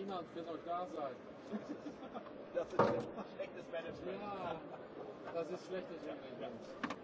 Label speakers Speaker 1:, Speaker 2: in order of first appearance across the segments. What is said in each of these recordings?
Speaker 1: Niemand wird euch da sein. Das ist schlechtes Management. Ja, das ist schlechtes Management.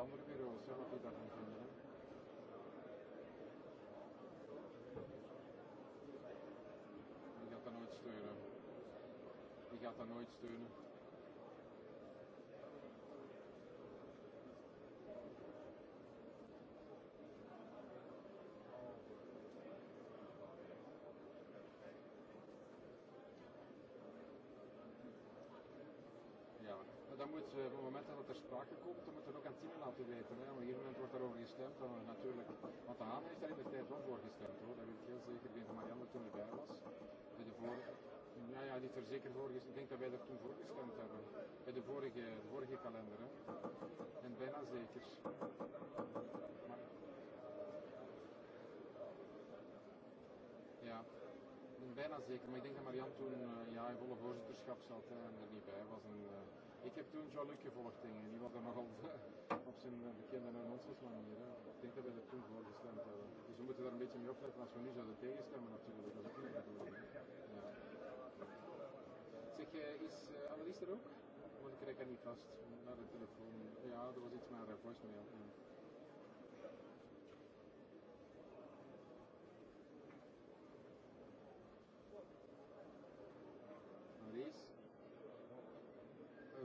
Speaker 1: adamları veriyoruz sana fidanın kendine. Die gaat daar nooit steunen. Die gaat daar nooit steunen. dat op het moment dat het ter sprake komt, dan moet het ook aan Tienen laten weten. Hè. Op een gegeven moment wordt daarover gestemd, dan eh, natuurlijk. Want de Haan heeft daar in de tijd wel voor gestemd hoor. Dat weet ik heel zeker. Ik weet dat Marianne toen erbij was. Bij de vorige. Nou ja, niet er zeker voor gestemd. Ik denk dat wij er toen voor gestemd hebben. Bij de vorige, de vorige kalender. Hè. En bijna zeker. Maar... Ja bijna zeker, maar ik denk dat Marianne toen uh, ja, in volle voorzitterschap zat hè, en er niet bij was. En, uh, Ik heb toen Jean-Luc gevolgd, denk ik. Die was dan nog altijd op zijn bekende en nonsens manier. Hè. Ik denk dat wij dat toen voor gestemd hebben. Dus we moeten daar een beetje mee opletten als we nu zouden tegenstemmen natuurlijk. Dat is ook niet de bedoeling. Ja. Zeg, is uh, Annelies er ook? Want ik krijg haar niet vast naar de telefoon. Ja, er was iets met haar voicemail. Ja.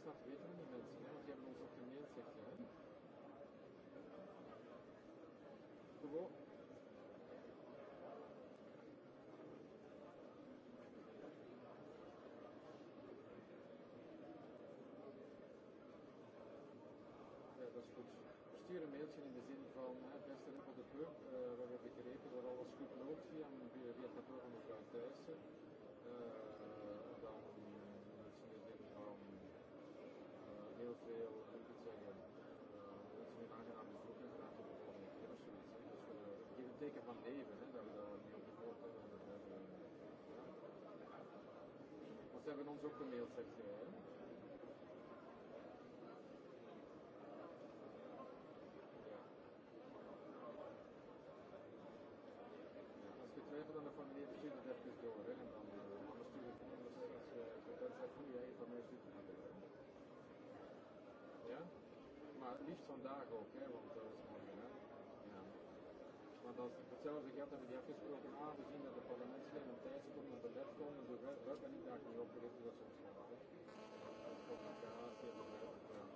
Speaker 1: sturen mailtje in de zin van het beste op de club. Uh, we hebben begrepen dat alles goed loopt via, via het kantoor van mevrouw Thijssen. Och så även om så kommer Zelfs ik had die afgesproken aangezien dat de parlementsleden op tijd komen op de wet komen, de wet welke niet daar kan oprichten, dat ze ons gaan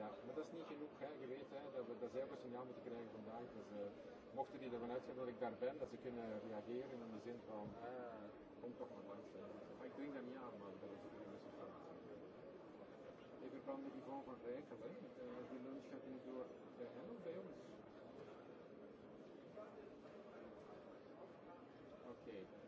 Speaker 1: Ja, maar dat is niet genoeg. Hè. Je weet hè, dat we dat zelf signaal moeten krijgen vandaag. Dus uh, mochten die ervan uitgaan dat ik daar ben, dat ze kunnen reageren in de zin van, eh, kom toch maar langs. Hè. Maar ik denk dat niet aan, maar dat is daar kwam de Yvonne van regelen. Uh, die lunch gaat door bij hen of bij ons? Oké. Okay.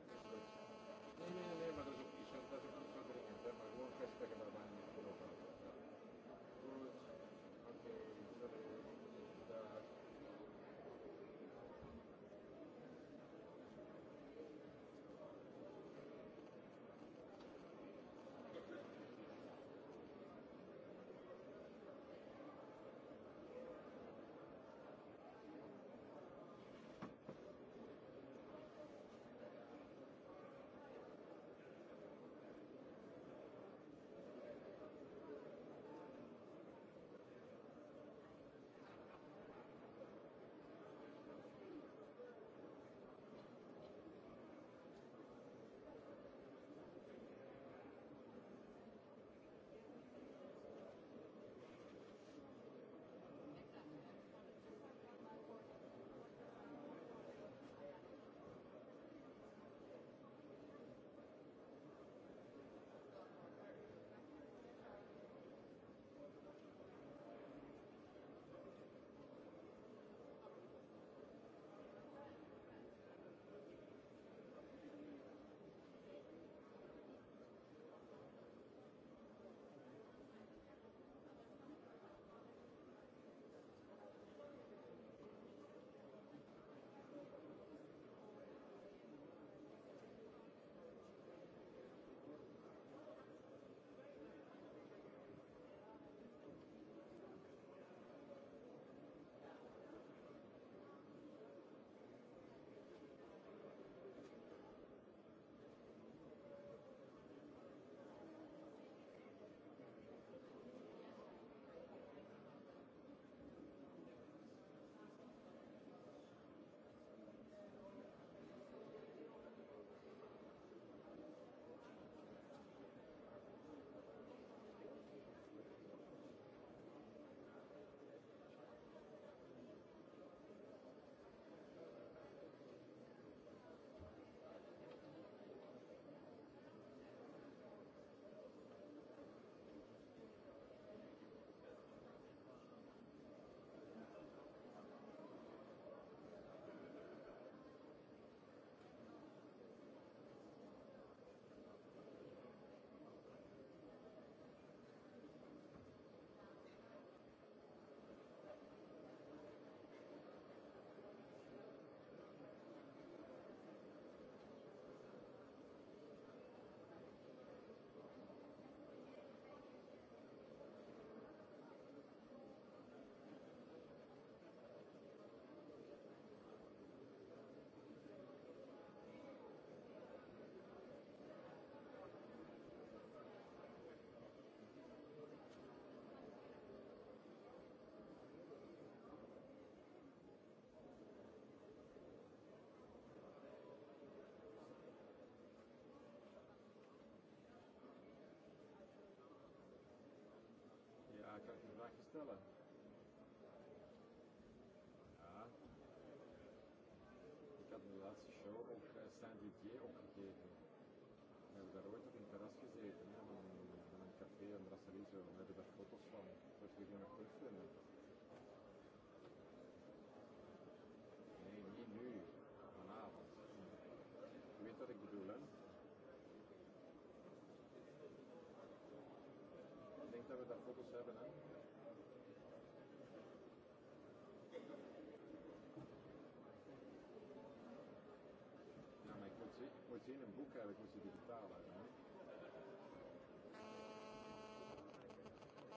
Speaker 1: Saint Didier ho chiedo nel voi che interessa se andiamo a un caffè andrà a salire nel da foto sono questo di una zin, een boek eigenlijk moest je die betalen.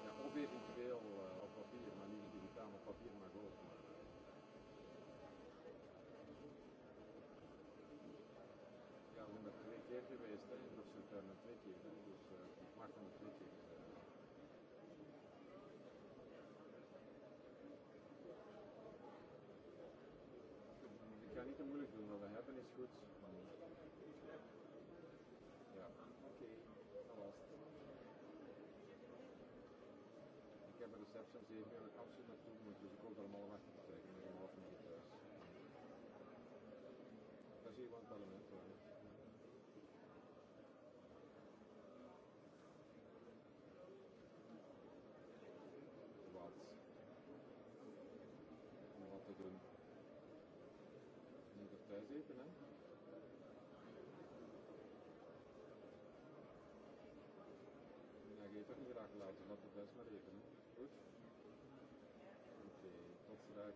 Speaker 1: Ja, of eventueel uh, op papier, maar niet digitaal, op papier maar goed. Maar, ja, we zijn er twee keer geweest, hè, in Amsterdam, eh, twee keer, hè, dus uh, ik mag van de twee keer. Uh, Ik ga niet te moeilijk doen, maar we hebben is goed. receptions die wil ik absoluut naartoe moet. Dus ik hoop dat hem allemaal achtergetekend en allemaal van het thuis. Daar zie je wel het parlement. Hoor. zeker, hè? Ja, je toch niet raak laten, dat het best maar Kandidat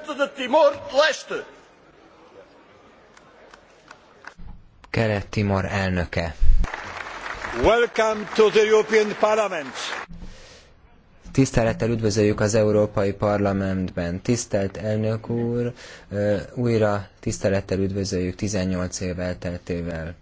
Speaker 1: presidente de Timor-Leste. Kelet-Timor elnöke. Welcome to the European Parliament. Tisztelettel üdvözöljük az Európai Parlamentben. Tisztelt elnök úr, újra tisztelettel üdvözöljük 18 év elteltével.